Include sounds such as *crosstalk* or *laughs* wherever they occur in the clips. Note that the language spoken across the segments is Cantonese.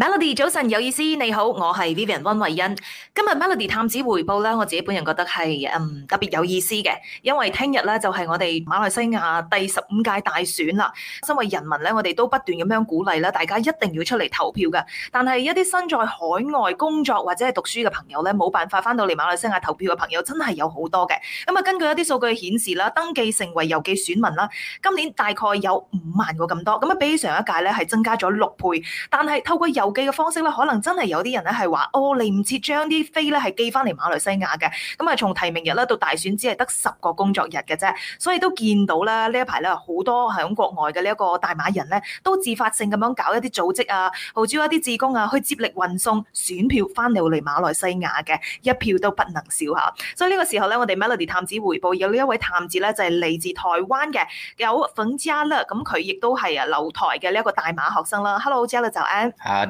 Melody，早晨有意思，你好，我係 Vivian 温慧欣。今日 Melody 探子回報咧，我自己本人覺得係嗯特別有意思嘅，因為聽日咧就係我哋馬來西亞第十五屆大選啦。身為人民咧，我哋都不斷咁樣鼓勵啦，大家一定要出嚟投票㗎。但係一啲身在海外工作或者係讀書嘅朋友咧，冇辦法翻到嚟馬來西亞投票嘅朋友，真係有好多嘅。咁啊，根據一啲數據的顯示啦，登記成為郵寄選民啦，今年大概有五萬個咁多，咁啊比起上一屆咧係增加咗六倍。但係透過郵嘅方式咧，可能真係有啲人咧係話，哦嚟唔切將啲飛咧係寄翻嚟馬來西亞嘅。咁啊，從提名日咧到大選只係得十個工作日嘅啫，所以都見到啦。呢一排咧好多喺國外嘅呢一個大馬人咧，都自發性咁樣搞一啲組織啊，號召一啲志工啊去接力運送選票翻嚟嚟馬來西亞嘅，一票都不能少嚇。所以呢個時候咧，我哋 Melody 探子回報有呢一位探子咧，就係嚟自台灣嘅，有粉嘉勒，咁佢亦都係啊留台嘅呢一個大馬學生啦。Hello 嘉勒，就安。啊！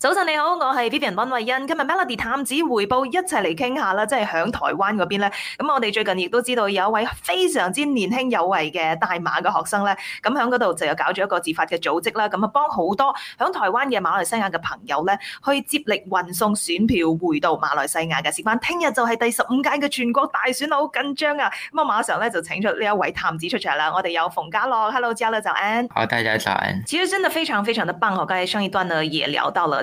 早晨你好，我係 Vivian 溫慧欣，今日 Melody 探子回報，一齊嚟傾下啦，即係喺台灣嗰邊咧。咁我哋最近亦都知道有一位非常之年輕有為嘅大馬嘅學生咧，咁喺嗰度就又搞咗一個自發嘅組織啦，咁啊幫好多喺台灣嘅馬來西亞嘅朋友咧去接力運送選票回到馬來西亞嘅。事關聽日就係第十五屆嘅全國大選，好緊張啊！咁啊馬上咧就請出呢一位探子出場啦。我哋有馮家樂，Hello 家樂早安。好，大家早安。其實真係非常非常的棒哦！剛才上一段呢也聊到了。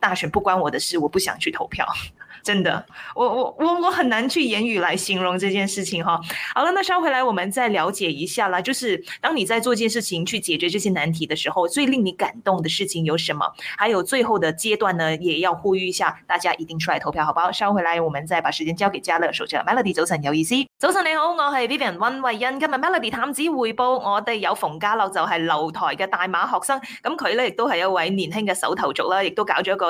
大選不關我的事，我不想去投票， *laughs* 真的，我我我我很難去言語來形容這件事情哈。好了，那稍回來我們再了解一下啦，就是當你在做件事情去解決這些難題的時候，最令你感動的事情有什麼？還有最後的階段呢，也要呼籲一下，大家一定出來投票，好不好？稍回來我們再把時間交給嘉樂，首先 Melody 早晨有意思，早晨你好，我係 Vivian 溫慧欣，今日 Melody 探子回報，我哋有馮嘉樂就係留台嘅大馬學生，咁佢咧亦都係一位年輕嘅手頭族啦，亦都搞咗一個。